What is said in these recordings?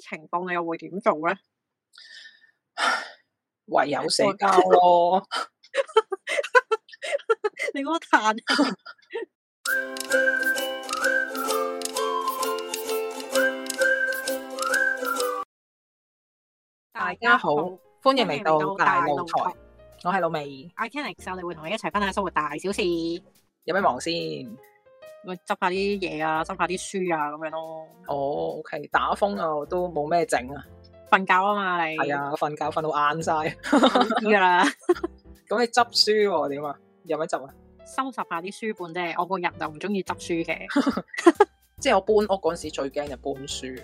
情況你又會點做咧？唯有社交咯。你嗰個嘆。大家好，歡迎嚟到大露台。我係露媚。I can show 我哋會同你一齊分享生活大小事。有咩忙先？ 我執下啲嘢啊，執下啲書啊，咁樣咯。哦，OK，打風啊，都冇咩整啊。瞓覺啊嘛，你係啊，瞓覺瞓到晏晒噶啦。咁你執書點啊？有乜執啊？收拾下啲書本啫。我個人就唔中意執書嘅， 即係我搬屋嗰時最驚就搬書。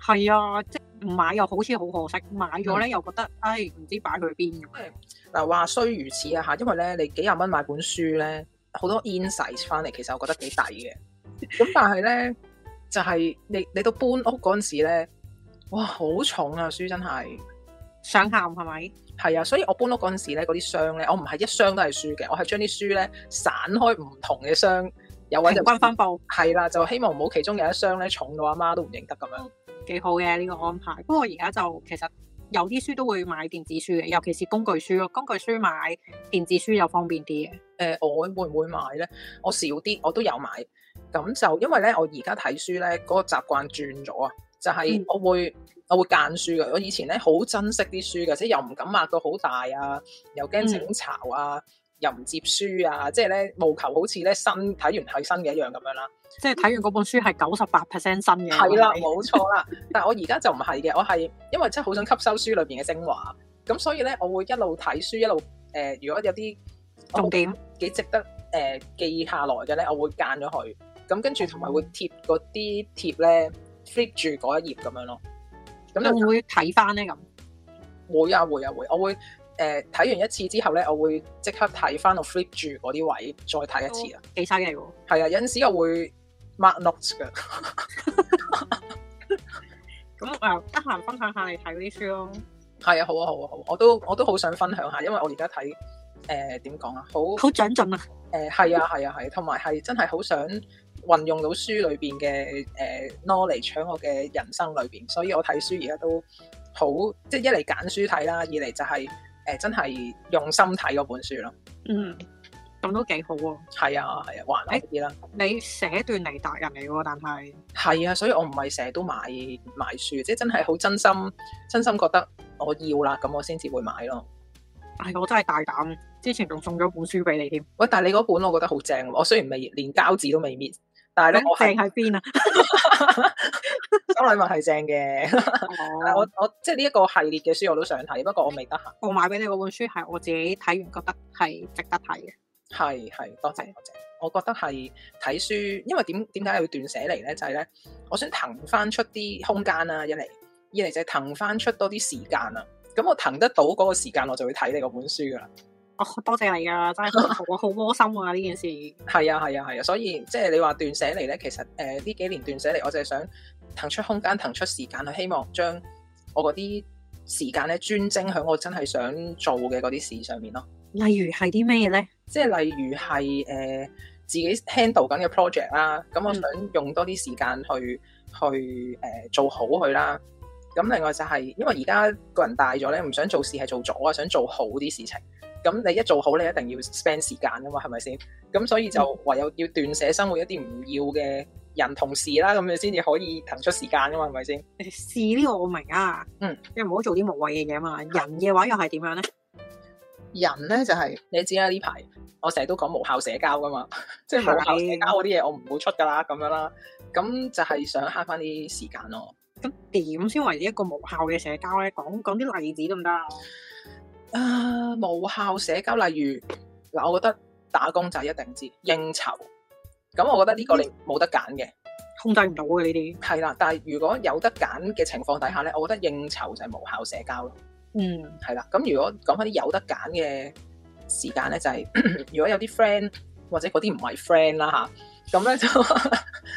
係 啊，即係唔買又好似好可惜，買咗咧又覺得，唉、嗯，唔、哎、知擺去邊咁。嗱、嗯，話雖如此啊吓，因為咧你幾廿蚊買本書咧。好多 insight 翻嚟，其實我覺得幾抵嘅。咁 但係咧，就係、係、你你到搬屋嗰陣時咧，哇，好重啊書，真係想喊，係咪？係啊，所以我搬屋嗰陣時咧，嗰啲箱咧，我唔係一箱都係書嘅，我係將啲書咧散開唔同嘅箱，有位置就平均分佈。係啦，就希望冇其中有一箱咧重到阿媽，媽都唔認得咁樣。幾好嘅呢，呢個安排。不過而家就其實。有啲書都會買電子書嘅，尤其是工具書咯。工具書買電子書又方便啲嘅、呃。我會唔會買咧？我少啲，我都有買。咁就因為咧，我而家睇書咧嗰、嗰個習慣轉咗啊，就係、係、我會、嗯、我會間書嘅。我以前咧好珍惜啲書嘅，即又唔敢壓到好大啊，又驚整巢啊。嗯又唔接書啊！即係咧，務求好似咧新睇完係新嘅一樣咁樣啦。即係睇完嗰本書係九十八 percent 新嘅。係 啦，冇錯啦。但係我而家就唔係嘅，我係因為真係好想吸收書裏邊嘅精華，咁所以咧，我會一路睇書一路誒、呃。如果有啲重點幾值得誒、呃、記下來嘅咧，我會間咗佢。咁跟住同埋會貼嗰啲貼咧 fit 住嗰一頁咁樣咯。咁你會睇翻咧？咁會啊，會啊，啊、會！我會。誒、呃、睇完一次之後咧，我會即刻睇翻我 flip 住嗰啲位，再睇一次啊。記曬嘅喎，係啊，有陣時我會 mark notes 噶。咁、 嗯、我又得閒分享下你睇啲書咯。係啊，好啊，好啊，好啊！我都我都好想分享下，因為我而家睇誒點講啊，好好長進啊。誒、呃、係啊，係啊，係、啊，同埋係真係好想運用到書裏邊嘅、呃、knowledge 搶我嘅人生裏邊，所以我睇書而家都好即係一嚟揀書睇啦，二嚟就係、是。誒、欸、真係用心睇嗰本書咯，嗯，咁都幾好喎，係啊，係啊，還好啲啦、欸。你寫段嚟達人嚟喎，但係係啊，所以我唔係成日都買買書，即係真係好真心，真心覺得我要啦，咁我先至會買咯。係、欸、我真係大膽，之前仲送咗本書俾你添。喂、欸，但係你嗰本我覺得好正，我雖然未連膠紙都未搣。但係咧，正喺邊啊？《三禮物》係正嘅。 我我即係呢一個系列嘅書，我都想睇，不過我未得閒。我買俾你嗰本書係我自己睇完覺得係值得睇嘅。係係，多謝多謝。我覺得係睇書，因為點點解會斷捨離咧？就係、是、咧，我想騰翻出啲空間啦、啊，一嚟，二嚟就係騰翻出多啲時間啦、啊。咁我騰得到嗰個時間，我就會睇你嗰本書㗎啦。我、oh, 多謝你噶、啊，真係我好窩心啊！呢 件事係啊，係啊，係啊，所以即係你話斷捨離咧，其實誒呢、呃、幾年斷捨離，我就係想騰出空間，騰出時間去希望將我嗰啲時間咧專精喺我真係想做嘅嗰啲事上面咯。例如係啲咩咧？即係例如係誒、呃、自己 handle 緊嘅 project 啦，咁、嗯、我想用多啲時間去去誒、呃、做好佢啦。咁另外就係、是、因為而家個人大咗咧，唔想做事係做咗啊，想做好啲事情。咁你一做好，你一定要 spend 時間噶嘛，係咪先？咁所以就唯有要斷捨生活一啲唔要嘅人同事啦，咁你先至可以騰出時間噶嘛，係咪先？是呢個我明啊，嗯，你唔好做啲無謂嘅嘢嘛。人嘅話又係點樣咧？人咧就係、是、你知啦、啊，呢排我成日都講無效社交噶嘛，即 係無效社交搞我啲嘢我唔會出噶啦，咁樣啦。咁就係想慳翻啲時間咯。咁點先為一個無效嘅社交咧？講講啲例子得唔得？啊！無效社交，例如嗱，我覺得打工仔一定知應酬，咁我覺得呢個你冇得揀嘅、嗯，控制唔到嘅呢啲係啦。但係如果有得揀嘅情況底下咧、嗯，我覺得應酬就係無效社交咯。嗯，係啦。咁如果講翻啲有得揀嘅時間咧，就係、是、 如果有啲 friend 或者嗰啲唔係 friend 啦吓，咁咧就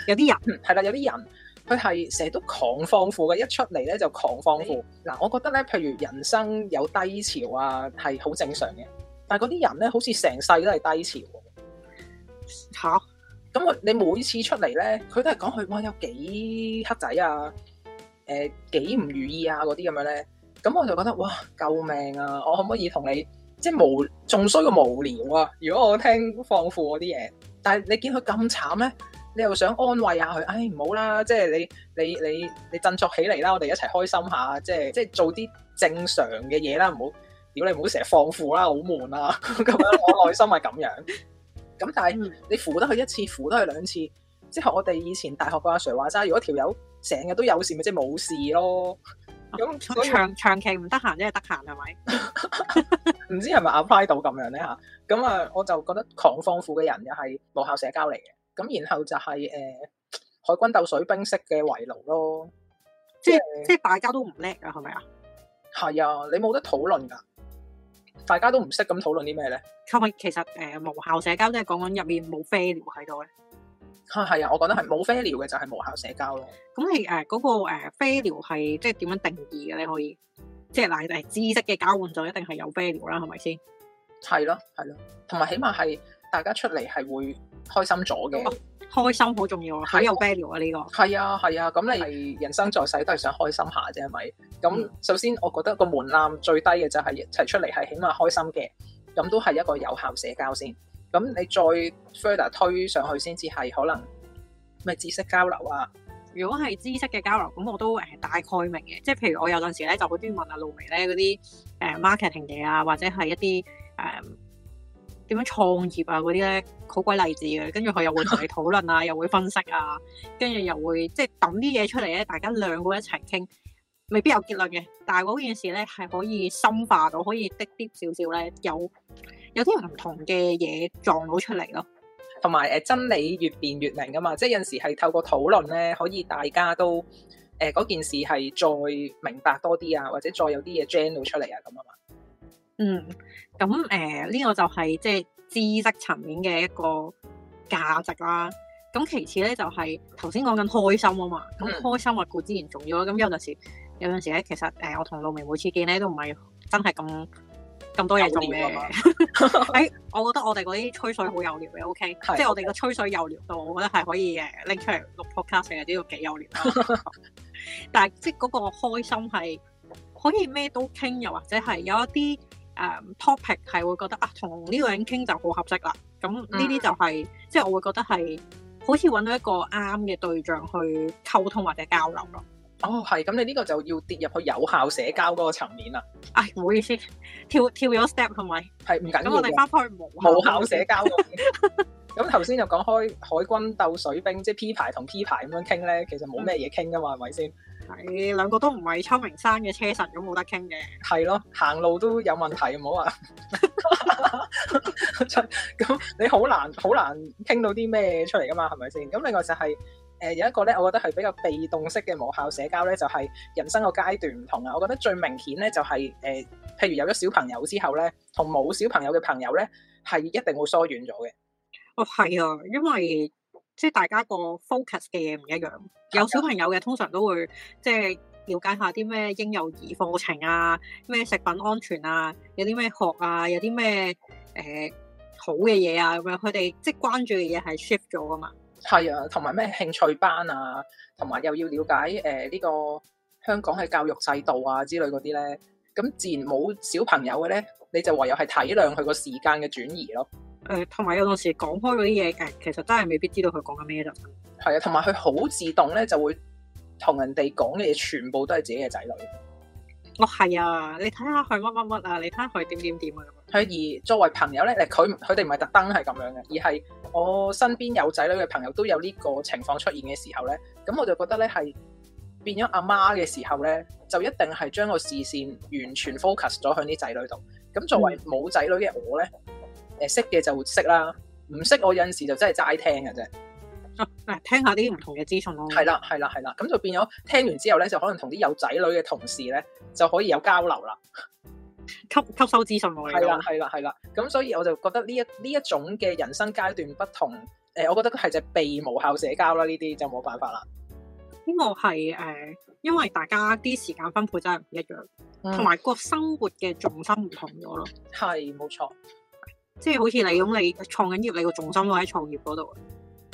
有啲人係啦，有啲人。佢係成日都狂放負嘅，一出嚟咧就狂放負。嗱、啊，我覺得咧，譬如人生有低潮啊，係好正常嘅。但係嗰啲人咧，好似成世都係低潮。嚇！咁我你每次出嚟咧，佢都係講佢哇有幾黑仔啊，誒幾唔如意啊嗰啲咁樣咧。咁我就覺得哇，救命啊！我可唔可以同你即係無仲衰過無聊啊？如果我聽放負嗰啲嘢，但係你見佢咁慘咧？你又想安慰下佢？哎，唔好啦，即係你你你你，你振作起嚟啦，我哋一齊開心下，即係即係做啲正常嘅嘢啦，唔好屌你唔好成日放富啦，好悶啊！咁樣我內心係咁樣。咁 但係你扶得佢一次，扶得佢兩次，即係我哋以前大學個阿 sir 話齋，如果條友成日都有事，咪即係冇事咯。咁、哦、長長期唔得閒，即係得閒係咪？唔 知係咪 apply 到咁樣咧吓？咁啊，我就覺得狂放負嘅人又係無效社交嚟嘅。咁然後就係、是、誒、呃、海軍鬥水兵式嘅圍爐咯，即係、嗯、即係大家都唔叻啊，係咪啊？係啊，你冇得討論噶，大家都唔識咁討論啲咩咧？同埋其實誒、呃、無效社交即係講緊入面冇 value 喺度咧。嚇、啊、係啊，我覺得係冇 value 嘅就係無效社交咯。咁你誒嗰個誒 value 係即係點樣定義嘅？你可以即係嗱，誒知識嘅交換就一定係有 value 啦，係咪先？係咯、啊，係咯、啊，同埋起碼係。大家出嚟係會開心咗嘅、啊，開心好重要好有 value，啊，係有 value 啊呢個。係啊，係啊，咁你人生在世都係想開心下啫，咪？咁、嗯、首先我覺得個門檻最低嘅就係、是、一齊出嚟係起碼開心嘅，咁都係一個有效社交先。咁你再 further 推上去先至係可能咩知識交流啊？如果係知識嘅交流，咁我都誒大概明嘅，即係譬如我有陣時咧就會啲問阿露媚咧嗰啲誒 marketing 嘢啊，或者係一啲誒。呃點樣創業啊嗰啲咧好鬼例子嘅，跟住佢又會同你討論啊， 又會分析啊，跟住又會即係揼啲嘢出嚟咧，大家兩個一齊傾，未必有結論嘅，但係嗰件事咧係可以深化到，可以滴啲少少咧有有啲唔同嘅嘢撞到出嚟咯。同埋誒真理越辯越明啊嘛，即係有時係透過討論咧，可以大家都誒嗰、呃、件事係再明白多啲啊，或者再有啲嘢 generate 出嚟啊咁啊嘛。嗯，咁誒，呢、呃這個就係、是、即係知識層面嘅一個價值啦。咁、啊、其次咧，就係頭先講緊開心啊嘛。咁開心固然重要啦。咁、嗯、有陣時，有陣時咧，其實誒、呃，我同露媚每次見咧，都唔係真係咁咁多嘢做嘅。誒、啊 OK? 就是，我覺得我哋嗰啲吹水好有聊嘅，OK， 即係我哋嘅吹水有聊到，我覺得係可以誒拎出嚟錄 podcast，只要幾有聊啦。但係即係嗰個開心係可以咩都傾，又或者係有一啲。誒、um, topic 係會覺得啊，同呢個人傾就好合適啦。咁呢啲就係，嗯，即係我會覺得係好似搵到一個啱嘅對象去溝通或者交流咯。哦，係咁，你呢個就要跌入去有效社交嗰個層面啦。唉、哎，唔好意思，跳跳咗 step 同埋。係唔緊要。咁我哋翻去無效社交。咁頭先就講開海軍鬥水兵，即係 P 牌同 P 牌咁樣傾咧，其實冇咩嘢傾噶嘛，係咪先？是你兩個都唔係秋名山嘅車神，咁冇得傾嘅。係咯，行路都有問題，唔好話。咁 你好難好難傾到啲咩出嚟噶嘛？係咪先？咁另外就係、是、誒、呃、有一個咧，我覺得係比較被動式嘅無效社交咧，就係、是、人生個階段唔同啊。我覺得最明顯咧就係、是、誒、呃，譬如有咗小朋友之後咧，同冇小朋友嘅朋友咧係一定會疏遠咗嘅。哦，係啊，因為。即係大家個 focus 嘅嘢唔一樣，有小朋友嘅通常都會即係、就是、了解下啲咩嬰幼兒課程啊，咩食品安全啊，有啲咩學啊，有啲咩誒好嘅嘢啊咁樣，佢哋即係關注嘅嘢係 shift 咗噶嘛。係啊，同埋咩興趣班啊，同埋又要了解誒呢、呃呢個香港嘅教育制度啊之類嗰啲咧，咁自然冇小朋友嘅咧，你就唯有係體諒佢個時間嘅轉移咯。誒、呃，同埋有陣時講開嗰啲嘢，誒，其實真係未必知道佢講緊咩，就係啊，同埋佢好自動咧，就會同人哋講嘅嘢全部都係自己嘅仔女。哦，係啊，你睇下，佢乜乜乜啊，你睇下佢點點點啊，佢而作為朋友咧，佢佢哋唔係特登係咁樣嘅，而係我身邊有仔女嘅朋友都有呢個情況出現嘅時候咧，咁我就覺得咧，係變咗阿媽嘅時候咧，就一定係將個視線完全 focus 咗向啲仔女度。咁作為冇仔女嘅我咧。嗯誒，識嘅就識啦，唔識我有陣時就真係齋聽嘅啫。嚟、啊、聽下啲唔同嘅資訊咯、啊。係啦，係啦，係啦，咁就變咗聽完之後咧，就可能同啲有仔女嘅同事咧，就可以有交流啦，吸吸收資訊咯。係啦，係啦，係啦，咁所以我就覺得呢一呢一種嘅人生階段不同，誒、呃，我覺得係只被無效社交啦，呢啲就冇辦法啦。呢、呢個係誒、呃，因為大家啲時間分配真係唔一樣，同埋個生活嘅重心唔同咗咯。係，冇錯。即係好似你咁，你創緊業，你個重心都喺創業嗰度。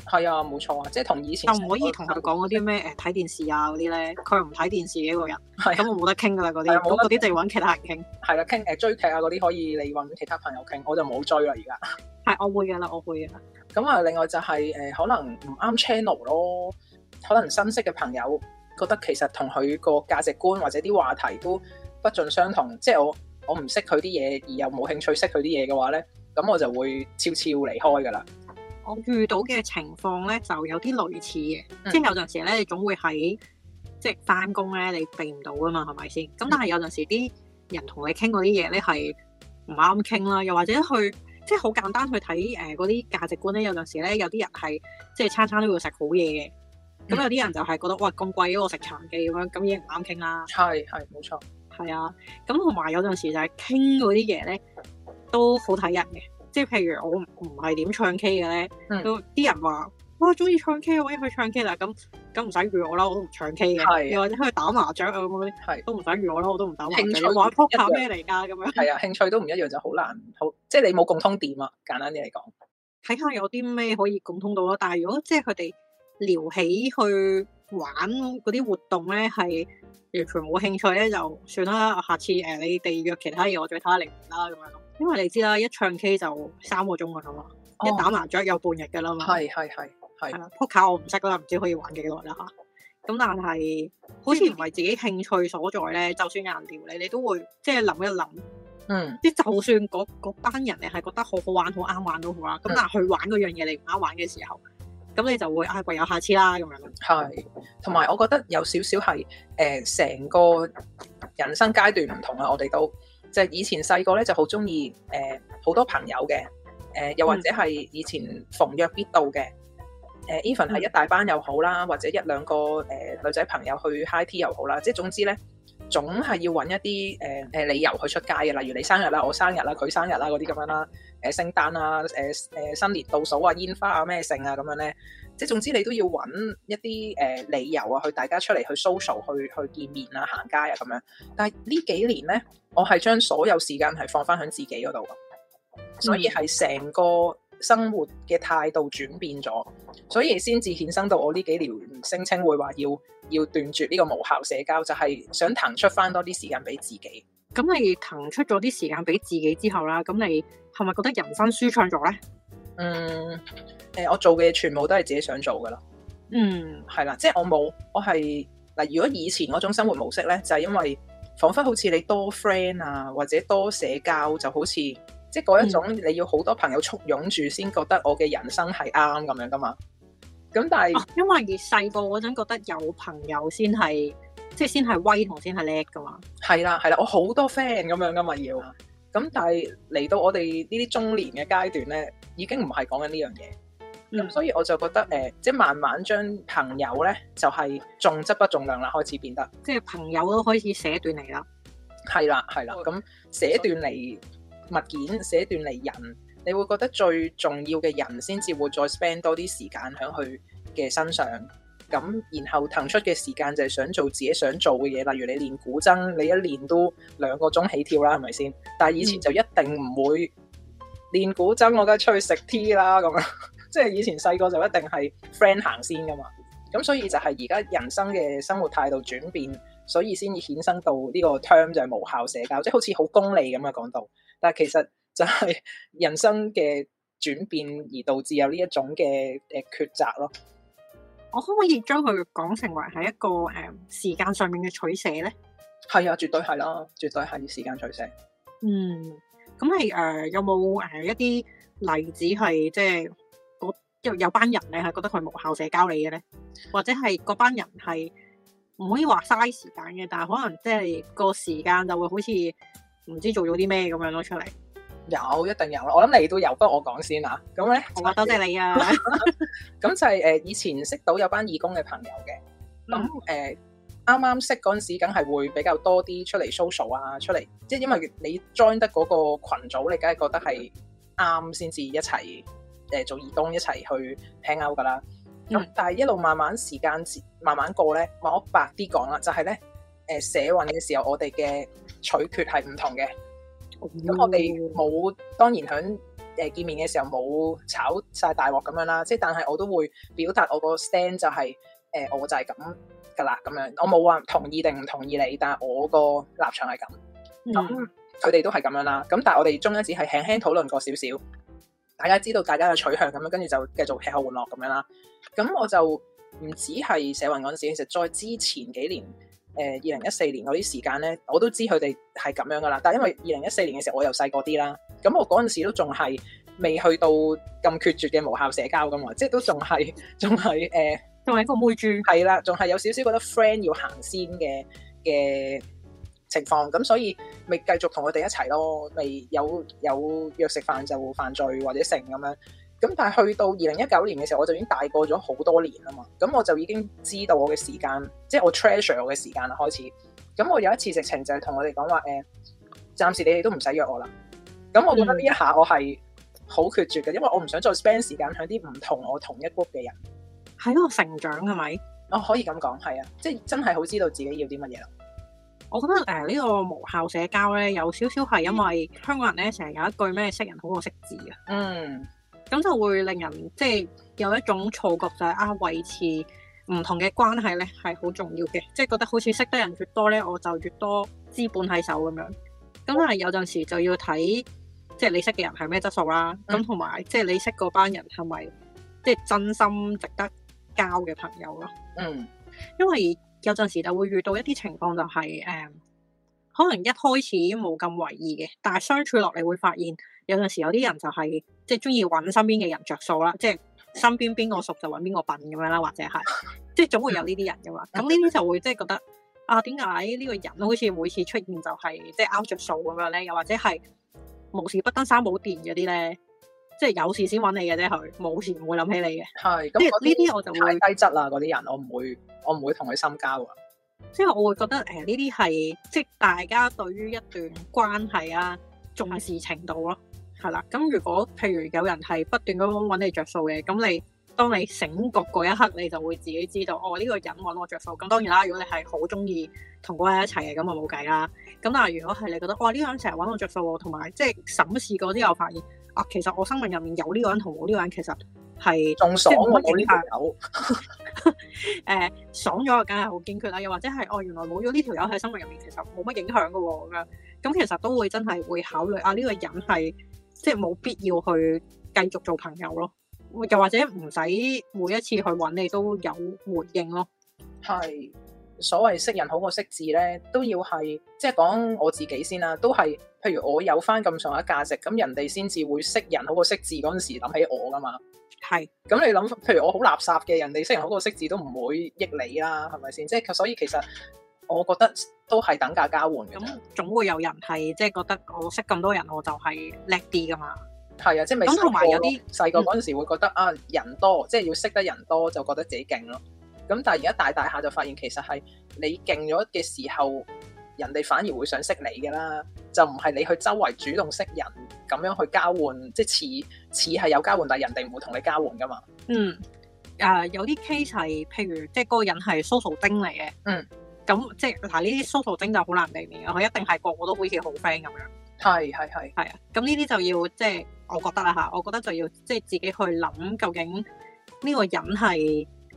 係啊，冇錯啊，即係同以前。又唔可以同佢講嗰啲咩誒睇電視啊嗰啲咧，佢又唔睇電視嘅個人。係咁、啊，我冇得傾噶啦嗰啲，我嗰啲就要揾其他人傾。係啦、啊，傾誒追劇啊嗰啲可以，你揾其他朋友傾，我就冇追啦而家。係、啊，我會噶啦，我會噶。咁啊，另外就係、是、誒、呃，可能唔啱 channel 咯，可能新識嘅朋友覺得其實同佢個價值觀或者啲話題都不盡相同，即係我我唔識佢啲嘢，而又冇興趣識佢啲嘢嘅話咧。咁我就會悄悄離開噶啦。我遇到嘅情況咧，就有啲類似嘅，嗯、即係有陣時咧，你總會喺即係翻工咧，你避唔到噶嘛，係咪先？咁、嗯、但係有陣時啲人同你傾嗰啲嘢咧，係唔啱傾啦。又或者去即係好簡單去睇誒嗰啲價值觀咧，有陣時咧，有啲人係即係餐餐都要食好嘢嘅。咁、嗯、有啲人就係覺得哇咁貴，我食殘機咁樣，咁嘢唔啱傾啦。係係冇錯。係啊，咁同埋有陣時就係傾嗰啲嘢咧。都好睇人嘅，即係譬如我唔係點唱 K 嘅咧，嗯、都啲人話哇中意唱 K，我依去唱 K 啦，咁咁唔使預我啦，我都唔唱 K 嘅，又或者去打麻雀啊咁嗰啲，係都唔使預我啦，我都唔打麻雀。興趣玩撲克咩嚟噶？咁樣。係啊，興趣都唔一樣就，就好難好，即係你冇共通點啊。簡單啲嚟講，睇下有啲咩可以共通到咯。但係如果即係佢哋聊起去玩嗰啲活動咧，係完全冇興趣咧，就算啦。下次誒、呃，你哋約其他嘢，我再睇下你唔啦咁樣。因為你知啦，一唱 K 就三個鐘噶嘛，一打麻雀有半日噶啦嘛。係係係係啦，撲克我唔識啦，唔知可以玩幾耐啦吓。咁但係好似唔係自己興趣所在咧、嗯，就算硬聊你想想，你都會即係諗一諗。嗯。即就算嗰班人你係覺得好好玩、好啱玩都好啊，咁但係去玩嗰樣嘢你唔啱玩嘅時候，咁你就會唉，唯、哎、有下次啦咁樣咯。係，同埋我覺得有少少係誒，成、呃、個人生階段唔同啦，我哋都。就係、是、以前細個咧就好中意誒好多朋友嘅誒、呃，又或者係以前逢約必到嘅誒，even 係一大班又好啦，或者一兩個誒、呃、女仔朋友去 high tea 又好啦，即係總之咧，總係要揾一啲誒誒理由去出街嘅，例如你生日啦、我生日啦、佢生日啦嗰啲咁樣啦，誒、呃、聖誕啊、誒、呃、誒新年倒數啊、煙花啊咩盛啊咁樣咧。即係總之，你都要揾一啲誒、呃、理由啊，去大家出嚟去 social，去去見面啊、行街啊咁樣。但係呢幾年咧，我係將所有時間係放翻喺自己嗰度，所以係成個生活嘅態度轉變咗、嗯，所以先至衍生到我呢幾年，聲稱會話要要斷絕呢個無效社交，就係、係、想騰出翻多啲時間俾自己。咁你騰出咗啲時間俾自己之後啦，咁你係咪覺得人生舒暢咗咧？嗯、欸，我做嘅全部都係自己想做嘅咯。嗯，係啦，即係我冇，我係嗱。如果以前嗰種生活模式咧，就係、是、因為彷彿好似你多 friend 啊，或者多社交，就好似即係嗰一種你要好多朋友簇擁住先覺得我嘅人生係啱咁樣噶嘛。咁但係、啊、因為細個嗰陣覺得有朋友先係即係先係威同先係叻噶嘛。係啦，係啦，我好多 friend 咁樣噶嘛要。咁但係嚟到我哋呢啲中年嘅階段咧，已經唔係講緊呢樣嘢，咁、嗯、所以我就覺得誒、呃，即係慢慢將朋友咧就係、是、重質不重量啦，開始變得即係朋友都開始斷捨離啦，係啦係啦，咁斷捨、okay. 離物件，斷捨離人，你會覺得最重要嘅人先至會再 spend 多啲時間喺佢嘅身上。咁，然後騰出嘅時間就係想做自己想做嘅嘢，例如你練古箏，你一練都兩個鐘起跳啦，係咪先？但係以前就一定唔會練古箏，我梗係出去食 tea 啦，咁樣。即係以前細個就一定係 friend 行先㗎嘛。咁所以就係而家人生嘅生活態度轉變，所以先衍生到呢個 term 就係無效社交，即係好似好功利咁嘅講到。但係其實就係人生嘅轉變而導致有呢一種嘅誒抉擇咯。我可唔可以將佢講成為係一個誒、嗯、時間上面嘅取捨咧？係啊，絕對係啦，絕對係時間取捨。嗯，咁係誒有冇誒、呃、一啲例子係即係有有班人你係覺得佢係無效社交你嘅咧？或者係嗰班人係唔可以話嘥時間嘅，但係可能即係個時間就會好似唔知做咗啲咩咁樣咯出嚟。有一定有啦，我諗你都有，不過我講先吓，咁咧。我多、就是、多謝你啊、 就是！咁就係誒，以前識到有班義工嘅朋友嘅，咁、嗯、誒，啱啱、呃、識嗰陣時，梗係會比較多啲出嚟 social 啊，出嚟，即係因為你 join 得嗰個群組，你梗係覺得係啱先至一齊誒、呃、做義工，一齊去 hang out 噶啦。咁、嗯、但係一路慢慢時間慢慢過咧，我白啲講啦，就係咧誒，社運嘅時候，我哋嘅取決係唔同嘅。咁、嗯、我哋冇，當然喺誒、呃、見面嘅時候冇炒晒大鑊咁樣啦，即係但係我都會表達我個 stand 就係、是、誒、呃，我就係咁㗎啦，咁樣我冇話同意定唔同意你，但係我個立場係咁。咁佢哋都係咁樣啦。咁但係我哋中間只係輕輕討論過少少，大家知道大家嘅取向咁樣，跟住就繼續吃喝玩樂咁樣啦。咁我就唔只係社運嗰陣時，其實再之前幾年。誒二零一四年嗰啲時間咧，我都知佢哋係咁樣噶啦。但係因為二零一四年嘅時候我又細個啲啦，咁我嗰陣時都仲係未去到咁決絕嘅無效社交噶嘛，即係都仲係仲係誒，仲係、呃、一個妹豬。係啦，仲係有少少覺得 friend 要行先嘅嘅情況，咁所以咪繼續同佢哋一齊咯，咪有有約食飯就犯罪或者成咁樣。咁但係去到二零一九年嘅時候，我就已經大過咗好多年啦嘛，咁我就已經知道我嘅時間，即係我 treasure 我嘅時間啦。開始，咁我有一次直情就係同我哋講話，誒、哎，暫時你哋都唔使約我啦。咁我覺得呢一下我係好決絕嘅，因為我唔想再 spend 時間喺啲唔同我同一 group 嘅人。喺度成長係咪？我可以咁講，係啊，即係真係好知道自己要啲乜嘢啦。我覺得誒呢、呃這個無效社交咧，有少少係因為香港人咧成日有一句咩識人好過識字啊。嗯。咁就會令人即係、就是、有一種錯覺，就係啊維持唔同嘅關係咧係好重要嘅，即係覺得好似識得人越多咧，我就越多資本喺手咁樣。咁係有陣時就要睇，即、就、係、是、你識嘅人係咩質素啦。咁同埋即係你識嗰班人係咪即係真心值得交嘅朋友咯？嗯，因為有陣時就會遇到一啲情況、就是，就係誒可能一開始冇咁為意嘅，但係相處落嚟會發現。有陣時有啲人就係即係中意揾身邊嘅人着數啦，即係身邊邊個熟就揾邊個笨咁樣啦，或者係即係總會有呢啲人噶嘛。咁呢啲就會即係覺得啊，點解呢個人好似每次出現就係即係 out 着數咁樣咧？又或者係無事不登三寶殿嗰啲咧，即係有事先揾你嘅啫。佢冇事唔會諗起你嘅。係咁呢啲我就會太低質啦，嗰啲人我唔會，我唔會同佢深交啊。即係我會覺得誒，呢啲係即係大家對於一段關係啊重視程度咯。係啦，咁如果譬如有人係不斷咁搵你着數嘅，咁你當你醒覺嗰一刻，你就會自己知道，哦，呢個人搵我着數。咁當然啦，如果你係好中意同嗰個人一齊嘅，咁就冇計啦。咁但係如果係你覺得，哇，呢個人成日搵我着數，同埋即係審視過之後發現，啊，其實我生命入面有呢個人同冇呢個人，其實係仲爽冇呢條友。誒，爽咗梗係好堅決啦，又或者係哦，原來冇咗呢條友喺生命入面，其實冇乜影響噶，咁樣。咁其實都會真係會考慮啊呢個人係。即係冇必要去繼續做朋友咯，又或者唔使每一次去揾你都有回應咯。係所謂識人好過識字咧，都要係即係講我自己先啦，都係譬如我有翻咁上下價值，咁人哋先至會識人好過識字嗰陣時諗起我㗎嘛。係，咁你諗，譬如我好垃圾嘅，人哋識人好過識字都唔會益你啦，係咪先？即係所以其實。我覺得都係等價交換嘅，咁總會有人係即係覺得我識咁多人，我就係叻啲噶嘛。係啊，即係未同埋有啲細個嗰陣時會覺得、嗯、啊，人多即係要識得人多就覺得自己勁咯。咁但係而家大大下就發現其實係你勁咗嘅時候，人哋反而會想識你噶啦。就唔係你去周圍主動識人咁樣去交換，即係似似係有交換，但係人哋唔會同你交換噶嘛。嗯，啊有啲 case 係譬如即係嗰個人係 social 丁嚟嘅，嗯。咁即係，嗱呢啲 social 精就好難避免，佢一定係個個都好似好 friend 咁樣。係係係係啊！咁呢啲就要即係、就是、我覺得啦嚇，我覺得就要即係、就是、自己去諗究竟呢個人係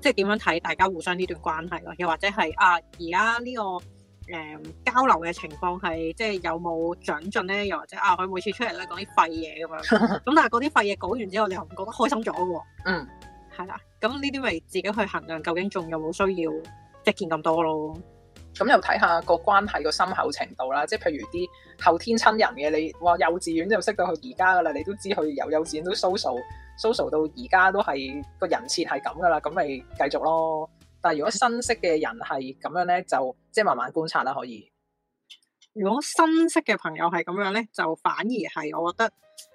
即係點樣睇大家互相呢段關係咯，又或者係啊而家呢個誒、嗯、交流嘅情況係即係有冇長進咧？又或者啊佢每次出嚟咧講啲廢嘢咁樣，咁 但係嗰啲廢嘢講完之後，你又唔覺得開心咗喎？嗯，係啦，咁呢啲咪自己去衡量究竟仲有冇需要即係見咁多咯。咁又睇下個關係個深厚程度啦，即係譬如啲後天親人嘅，你話幼稚園就識到佢而家噶啦，你都知佢由幼稚園都 social social 到而家都係個人設係咁噶啦，咁咪繼續咯。但係如果新識嘅人係咁樣咧，就即係慢慢觀察啦。可以，如果新識嘅朋友係咁樣咧，就反而係我覺得誒、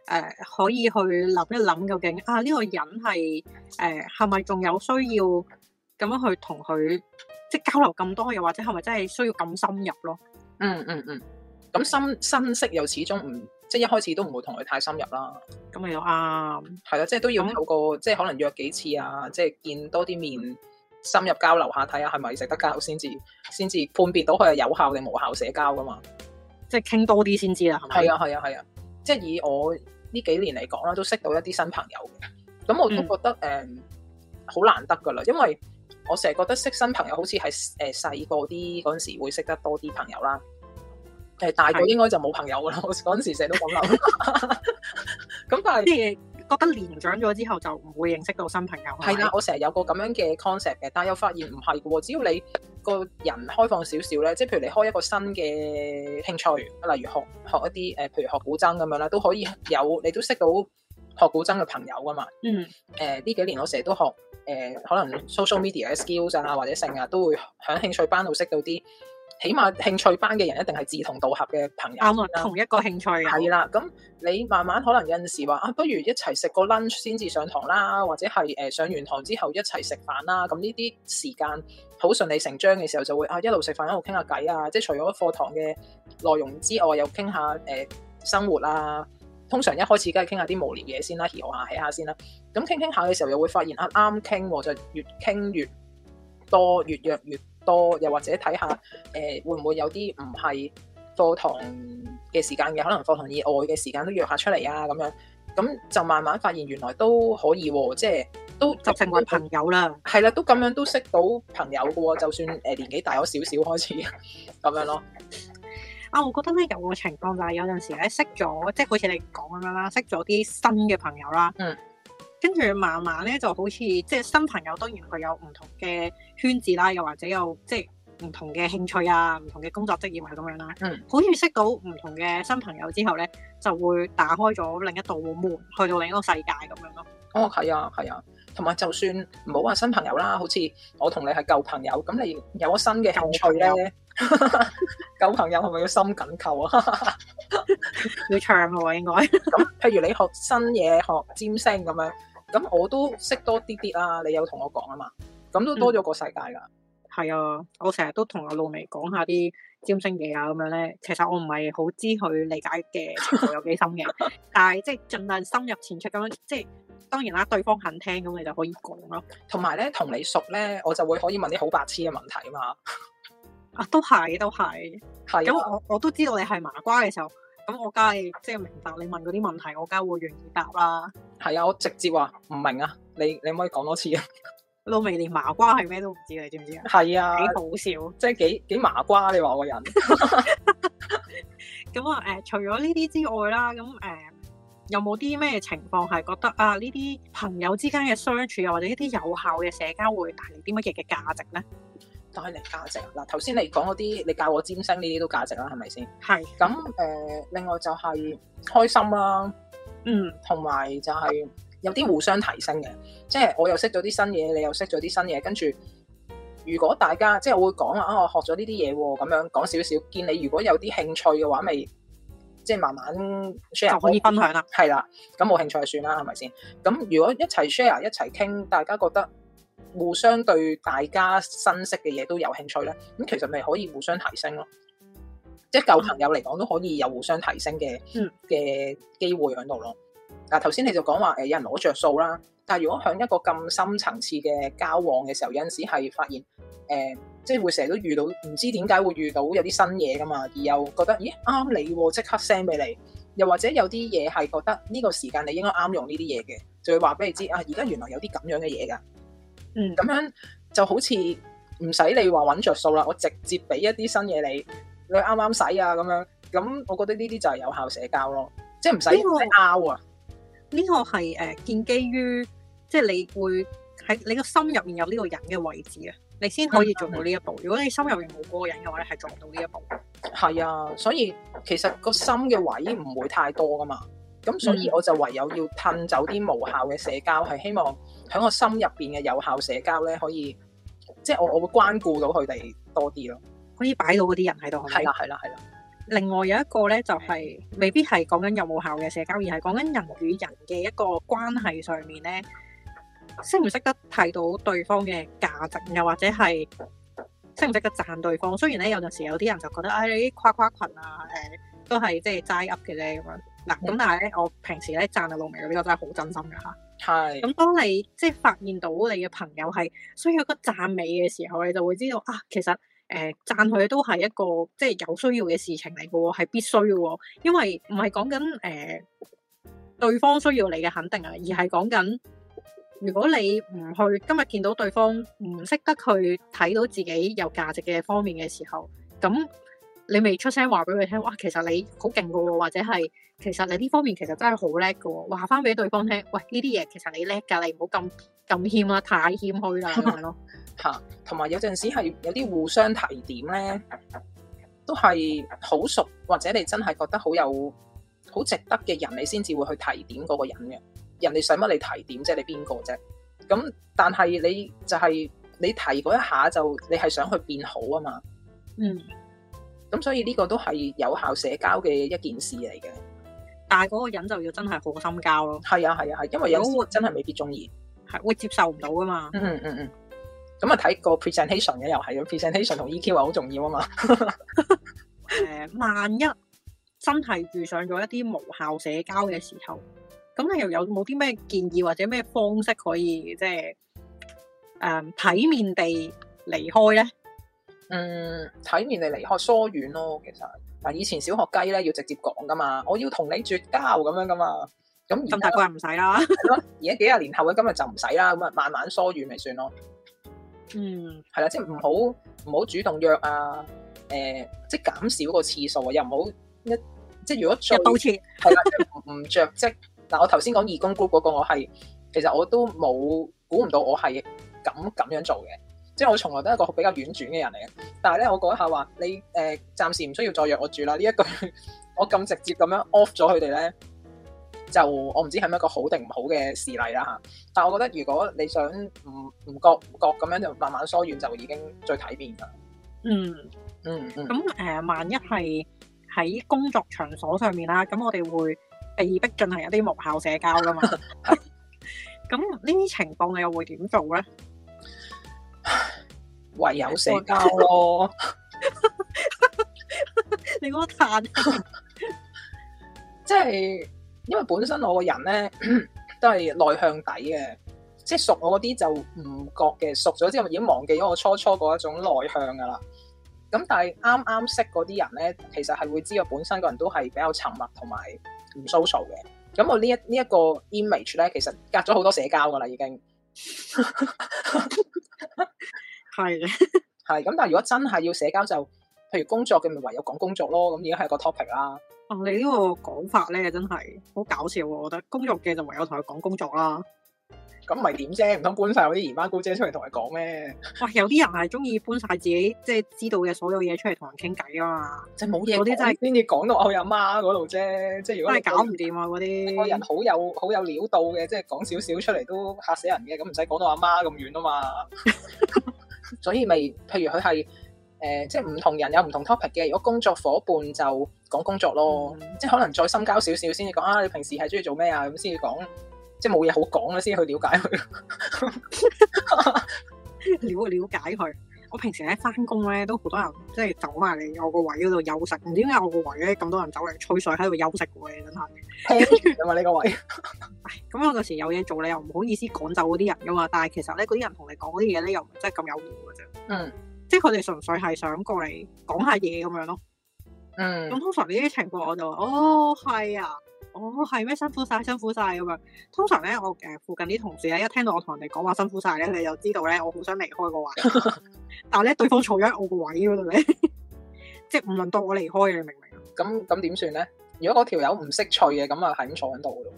呃、可以去諗一諗究竟啊呢、呢個人係誒係咪仲有需要咁樣去同佢？即係交流咁多，又或者係咪真係需要咁深入咯？嗯嗯嗯，咁、嗯、新新識又始終唔即係一開始都唔會同佢太深入啦。咁啊又啱，係啦，即係都要有個、嗯、即係可能約幾次啊，即係見多啲面，深入交流下睇下係咪值得交先至，先至判別到佢係有效定無效社交噶嘛？即係傾多啲先知啦，係咪？係啊係啊係啊，即係以我呢幾年嚟講啦，都識到一啲新朋友，嘅。咁我都覺得誒好、嗯嗯、難得噶啦，因為。我成日覺得識新朋友好似係誒細個啲嗰陣時會識得多啲朋友啦，誒、呃、大個應該就冇朋友噶啦。我嗰陣時成日都講諗， 咁但係覺得年長咗之後就唔會認識到新朋友。係啊，我成日有個咁樣嘅 concept 嘅，但係又發現唔係噶喎。只要你個人開放少少咧，即係譬如你開一個新嘅興趣，例如學學一啲誒，譬如學古箏咁樣啦，都可以有你都識到。學古箏嘅朋友啊嘛，嗯，誒、呃、呢幾年我成日都學，誒、呃、可能 social media skills 啊，或者成日都會響興趣班度識到啲，起碼興趣班嘅人一定係志同道合嘅朋友、嗯，啱啊，同一個興趣啊，係啦，咁、嗯、你慢慢可能有陣時話啊，不如一齊食個 lunch 先至上堂啦，或者係誒、呃、上完堂之後一齊食飯啦，咁呢啲時間好順理成章嘅時候就會啊一路食飯一路傾下偈啊，即係除咗課堂嘅內容之外，又傾下誒生活啊。通常一開始梗係傾下啲無聊嘢先啦，起下、起下先啦。咁傾傾下嘅時候又會發現啱啱傾就越傾越多，越約越多。又或者睇下誒會唔會有啲唔係課堂嘅時間嘅，可能課堂以外嘅時間都約下出嚟啊，咁樣。咁就慢慢發現原來都可以喎，即係都就成為朋友啦。係啦，都咁樣都識到朋友嘅喎，就算誒、呃、年紀大咗少少開始咁樣咯。啊，我覺得咧有個情況就係有陣時咧識咗，即係好似你講咁樣啦，識咗啲新嘅朋友啦，嗯，跟住慢慢咧就好似即係新朋友，當然佢有唔同嘅圈子啦，又或者有即係唔同嘅興趣啊，唔同嘅工作職業係咁樣啦，嗯，好似識到唔同嘅新朋友之後咧，就會打開咗另一道門，去到另一個世界咁樣咯。哦，係啊，係啊，同埋就算唔好話新朋友啦，好似我同你係舊朋友，咁你有咗新嘅興趣咧。舊 朋友係咪要深緊扣啊？你 唱嘅應該咁。 譬如你學新嘢學占星咁樣，咁我都識多啲啲啦。你有同我講啊嘛，咁都多咗個世界噶。係、嗯、啊，我成日都同阿露媚講下啲占星嘢啊，咁樣咧。其實我唔係好知佢理解嘅程度有幾深嘅， 但係即係盡量深入淺出咁樣。即係當然啦，對方肯聽咁，你就可以講咯。同埋咧，同你熟咧，我就會可以問啲好白痴嘅問題啊嘛。啊，都係，都係。係、啊。咁我我都知道你係麻瓜嘅時候，咁我梗係，即係明白你問嗰啲問題，我梗係會願意答啦。係啊，我直接話唔明啊，你你唔可以講多次啊。老明連麻瓜係咩都唔知，你知唔知啊？係啊。幾好笑，即係幾幾麻瓜，你話我個人。咁 啊， 誒、呃，除咗呢啲之外啦，咁誒、呃，有冇啲咩情況係覺得啊？呢、呃、啲朋友之間嘅相處，又或者一啲有效嘅社交會帶什麼的，會帶嚟啲乜嘢嘅價值咧？帶嚟價值嗱，頭先你講嗰啲，你教我占星呢啲都價值啦，係咪先？係咁誒，另外就係開心啦、啊，嗯，同埋就係有啲互相提升嘅，即係我又識咗啲新嘢，你又識咗啲新嘢，跟住如果大家即係我會講啦、啊，我學咗呢啲嘢喎，咁樣講少少，見你如果有啲興趣嘅話，咪即係慢慢 share 可以分享啦，係啦，咁冇興趣就算啦，係咪先？咁如果一齊 share 一齊傾，大家覺得，互相對大家新識嘅嘢都有興趣啦，咁其實咪可以互相提升咯。即係舊朋友嚟講，都可以有互相提升嘅嘅機會喺度咯。嗱、啊，頭先你就講話誒，有人攞着數啦。但係如果喺一個咁深層次嘅交往嘅時候，有陣時係發現誒、呃，即係會成日都遇到唔知點解會遇到有啲新嘢㗎嘛，而又覺得咦啱你、啊，即刻 send 俾你。又或者有啲嘢係覺得呢、這個時間你應該啱用呢啲嘢嘅，就會話俾你知啊。而家原來有啲咁樣嘅嘢㗎。嗯，咁樣就好似唔使你話搵着數啦，我直接俾一啲新嘢你，你啱啱使啊咁樣。咁我覺得呢啲就係有效社交咯，即係唔使即係拗啊。呢、這個係誒、呃、建基於，即係你會喺你個心入面有呢個人嘅位置啊，你先可以做到呢一步、嗯嗯。如果你心入面冇嗰個人嘅話咧，係做唔到呢一步。係啊，所以其實個心嘅位唔會太多㗎嘛。咁所以我就唯有要褪走啲無效嘅社交，係希望。喺我心入邊嘅有效社交咧，可以即係我我會關顧到佢哋多啲咯，可以擺到嗰啲人喺度係啦係啦係啦。另外有一個咧，就係、是、未必係講緊有冇效嘅社交，而係講緊人與人嘅一個關係上面咧，識唔識得睇到對方嘅價值，又或者係識唔識得讚對方。雖然咧，有陣時候有啲人就覺得，唉、哎、你啲誇誇群啊，誒都係即係齋 up 嘅啫咁樣嗱。咁、就是嗯、但係咧，我平時咧讚阿露媚嗰啲，我、這個、真係好真心嘅吓。係，咁當你即係發現到你嘅朋友係需要一個讚美嘅時候，你就會知道啊，其實誒，讚、呃、佢都係一個即係有需要嘅事情嚟嘅喎，係必須嘅喎，因為唔係講緊誒對方需要你嘅肯定啊，而係講緊如果你唔去今日見到對方唔識得去睇到自己有價值嘅方面嘅時候，咁。你未出聲話俾佢聽，哇，其實你好勁噶，或者係其實你呢方面其實真係好叻噶，話翻俾對方聽，喂，呢啲嘢其實你叻噶，你唔好咁咁謙啦，太謙虛啦咁樣咯。吓，同埋有陣時係有啲互相提點咧，都係好熟，或者你真係覺得好有好值得嘅人，你先至會去提點嗰個人嘅。人哋使乜你提點啫？你邊個啫？咁但係你就係、是、你提嗰一下就你係想去變好啊嘛。嗯。咁所以呢個都係有效社交嘅一件事嚟嘅，但係嗰個人就要真係放心交咯。係啊係啊係，因為有真係未必中意，係會接受唔到㗎嘛。嗯嗯嗯。咁啊睇個 presentation 嘅又係，presentation 同 EQ 啊好重要啊嘛。誒、 呃、萬一真係遇上咗一啲無效社交嘅時候，咁你又有冇啲咩建議或者咩方式可以即係誒、呃、體面地離開咧？嗯，睇完你離開疏遠咯，其實嗱，以前小學雞咧要直接講噶嘛，我要同你絕交咁樣噶嘛，咁而家佢唔使啦，而家 幾廿年後嘅今日就唔使啦，咁啊慢慢疏遠咪算咯。嗯，係啦，即係唔好唔好主動約啊，誒、呃，即係減少個次數啊，又唔好一即係如果再係啦，即係唔着職嗱，我頭先講義工 group 嗰個我，我係其實我都冇估唔到我是這，我係咁咁樣做嘅。即係我從來都係一個比較婉轉嘅人嚟嘅，但係咧我講一下話，你誒暫、呃、時唔需要再約我住啦，呢一句，我咁直接咁樣 off 咗佢哋咧，就我唔知係咪一個好定唔好嘅事例啦吓，但係我覺得如果你想唔唔覺覺咁樣就慢慢疏遠就已經最體面噶嗯嗯嗯，咁、嗯、誒、嗯嗯、萬一係喺工作場所上面啦，咁我哋會被逼進行一啲無效社交噶嘛咁呢啲情況你又會點做咧？ 唯有社交咯、 就是，你嗰個嘆，即係因為本身我個人咧都係內向底嘅，即係熟我嗰啲就唔覺嘅，熟咗之後已經忘記咗我初初嗰一種內向噶啦。咁但係啱啱識嗰啲人咧，其實係會知道我本身個人都係比較沉默同埋唔 social 嘅。咁我呢一呢一、這個 image 咧，其實隔咗好多社交噶啦，已經。係嘅，係咁。但係如果真係要社交就，譬如工作嘅，咪唯有講工作咯。咁已經係個 topic 啦。哦、啊，你這個呢個講法咧，真係好搞笑。我覺得工作嘅就唯有同佢講工作啦。咁咪點啫？唔通搬晒我啲姨媽姑姐出嚟同佢講咩？哇！有啲人係中意搬晒自己即係知道嘅所有嘢出嚟同人傾偈啊嘛！即係冇嘢嗰啲真係先至講到我阿媽嗰度啫！即係如果真係搞唔掂啊嗰啲個人好有好有料到嘅，即係講少少出嚟都吓死人嘅，咁唔使講到阿媽咁遠啊嘛！ 所以咪，譬如佢係誒，即係唔同人有唔同 topic 嘅。如果工作伙伴就講工作咯，嗯、即係可能再深交少少先至講啊。你平時係中意做咩啊？咁先至講。即係冇嘢好講啦，先去了解佢，了了解佢。我平時喺翻工咧，都好多人即係走埋嚟我個位嗰度休息。唔知點解我，位我 個位咧，咁多人走嚟吹水喺度休息，你真係係咪呢個位？咁我那時候有時有嘢做，你又唔好意思趕走嗰啲人噶嘛。但係其實咧，嗰啲人同你講啲嘢咧，又唔真係咁有料嘅啫。嗯，即係佢哋純粹係想過嚟講下嘢咁樣咯。嗯，咁通常呢啲情況，我就話哦，係啊。哦，係咩？辛苦晒，辛苦晒咁樣。通常咧，我誒附近啲同事咧，一聽到我同人哋講話辛苦晒咧，你就知道咧我好想離開個位。 但係咧，對方坐咗喺我個位嗰度咧， 即係唔輪到我離開嘅，你明唔明？咁咁點算咧？如果嗰條友唔識趣嘅，咁啊係咁坐喺度咯。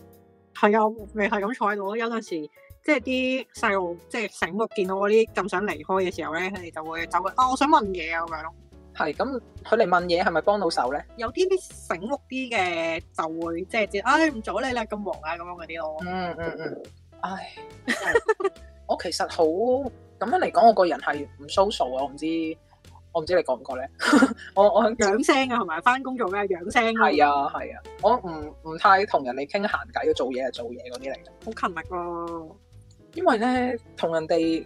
係啊，未係咁坐喺度咯。有陣時即係啲細路，即係醒目見到我啲咁想離開嘅時候咧，佢哋就會走啊、哦，我想問嘢啊咁樣。係咁，佢嚟問嘢，係咪幫到手咧？有啲啲醒目啲嘅，就會即係接，哎唔阻你喇，咁忙啊，咁樣嗰啲咯。嗯嗯嗯，唉，我其實好咁樣嚟講，我個人係唔 social 啊，我唔知，我唔知你覺唔覺咧。我我養聲啊，同埋翻工做咩？養聲。係啊係啊，我唔唔太同人哋傾閒偈，做嘢就做嘢嗰啲嚟。好勤力咯，因為咧同人哋。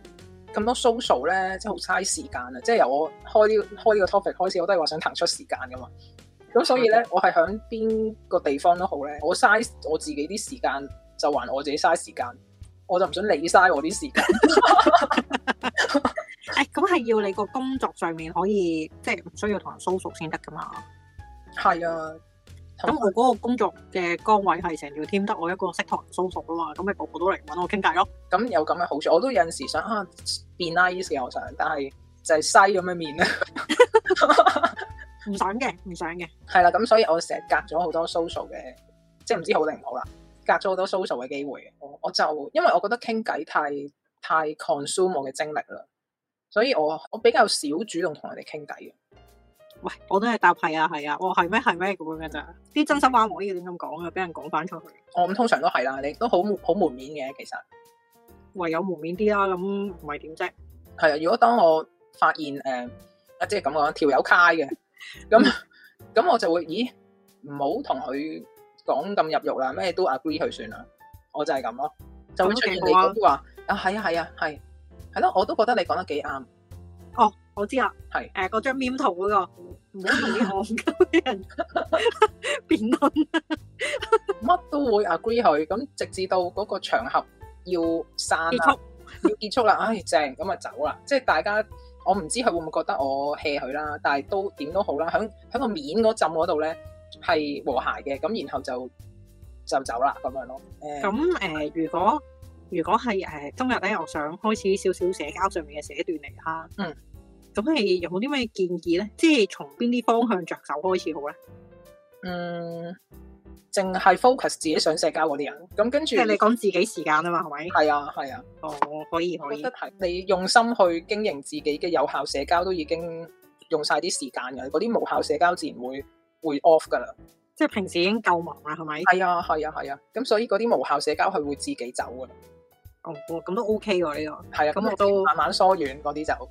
咁多 social 咧，即係好嘥時間啊！即係由我開呢，開呢個 topic 開始，我都係話想騰出時間噶嘛。咁所以咧，我係響邊個地方都好咧，我嘥我自己啲時間就還我自己嘥時間，我就唔想你嘥我啲時間。咁 係、 哎、要你個工作上面可以即係唔需要同人 social 先得噶嘛？係啊。咁我嗰個工作嘅崗位係成條 team 得我一個識同人 social 啊嘛，咁咪個個都嚟揾我傾偈咯。咁有咁嘅好處，我都有陣時想慳面啊！呢件、nice, 我想，但係就係嘥咁嘅面啦，唔 想嘅，唔想嘅。係啦，咁所以我成日隔咗好多 social 嘅，即係唔知好定唔好啦，隔咗好多 social 嘅機會，我就因為我覺得傾偈太太 consume 我嘅精力啦，所以我我比較少主動同人哋傾偈嘅。喂，我都係答係啊，係啊，我係咩係咩咁樣咋？啲、啊啊啊、真心話我呢要點咁講啊，俾人講翻出去。我、哦、咁通常都係啦，你都好好門面嘅其實。唯有門面啲啦，咁唔係點啫？係啊，如果當我發現誒、呃，即係咁講，條友卡嘅，咁咁 我就會，咦，唔好同佢講咁入肉啦，咩都 agree 佢算啦，我就係咁咯。就會出現你咁話，啊係啊係啊係，係咯、啊啊啊，我都覺得你講得幾啱。哦。我知啦，係誒，嗰張面圖嗰、嗰個唔好同啲戇嘅人辯論乜都會 agree 佢，咁直至到嗰個場合要散、啊、結束， 要結束啦，唉、哎、正咁啊走啦，即係大家我唔知佢會唔會覺得我 hea 佢啦，但係都點都好啦，響響個面嗰浸嗰度咧係和諧嘅，咁然後就就走啦咁樣咯，誒咁誒如果如果係誒今日咧，我想開始少少社交上面嘅寫段嚟吓，嗯。咁係有冇啲咩建議咧？即係從邊啲方向着手開始好咧？嗯，淨係 focus 自己想社交嗰啲人，咁跟住你講自己時間啊嘛，係咪？係啊，係啊。哦，可以，可以。你用心去經營自己嘅有效社交，都已經用晒啲時間噶，嗰啲無效社交自然會會 off 噶啦。即係平時已經夠忙啦，係咪？係啊，係啊，係啊。咁所以嗰啲無效社交係會自己走噶啦。哦，咁、哦、都 OK 喎，呢、這個係啊，咁我都慢慢疏遠嗰啲就。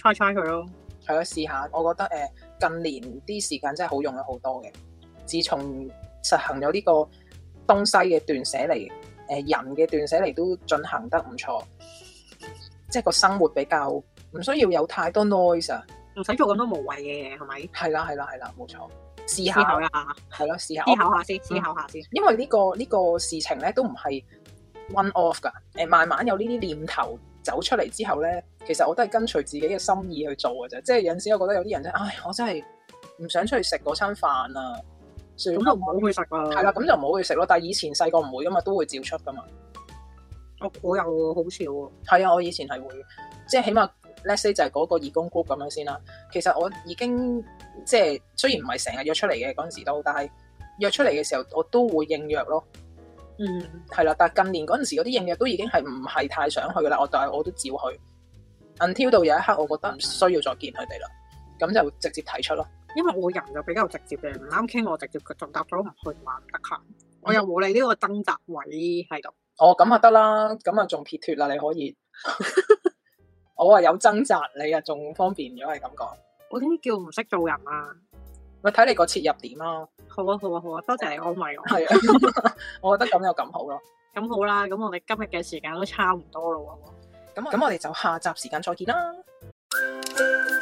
猜猜佢咯，係咯，試下。我覺得誒、呃，近年啲時間真係好用咗好多嘅。自從實行咗呢個東西嘅斷捨離，誒、呃、人嘅斷捨離都進行得唔錯，即係個生活比較唔需要有太多 noise 啊，唔使做咁多無謂嘅嘢，係、嗯、咪？係啦，係啦，係啦，冇錯。試一下，係咯，試下，思考下先，思考下先。因為呢、呢個呢、呢個事情咧，都唔係 one off 噶。誒、呃，慢慢有呢啲念頭走出嚟之後咧其實我都係跟隨自己嘅心意去做嘅啫。即係有陣時，我覺得有啲人真係，唉，我真係唔想出去食嗰餐飯啊。咁就唔好去食啊。係啦，咁就唔好去食咯。但係以前細個唔會噶嘛，都會照出噶嘛。我我又好少喎、哦。係啊，我以前係會即係起碼，Let's say 就係嗰個義工 group 咁樣先啦。其實我已經即係雖然唔係成日約出嚟嘅嗰陣時都，但係約出嚟嘅時候我都會應約咯。嗯，係啦。但係近年嗰陣時，嗰啲應約都已經係唔係太想去噶啦。我但係我都照去。until 到有一刻，我覺得唔需要再見佢哋啦，咁、嗯、就直接提出咯。因為我人就比較直接嘅，唔啱傾我直接，佢仲答咗唔去話唔得閒，我又冇你呢個掙扎位喺度。哦，咁啊得啦，咁啊仲撇脱啦，你可以。 我話有掙扎，你啊仲方便咗，係咁講。 我點叫唔識做人啊？咪睇你個切入點咯。好啊好啊好啊，多謝你 安慰我。係啊，我覺得咁就咁好咯。咁 好啦，咁我哋今日嘅時間都差唔多啦喎。咁，咁我哋就下集時間再見啦。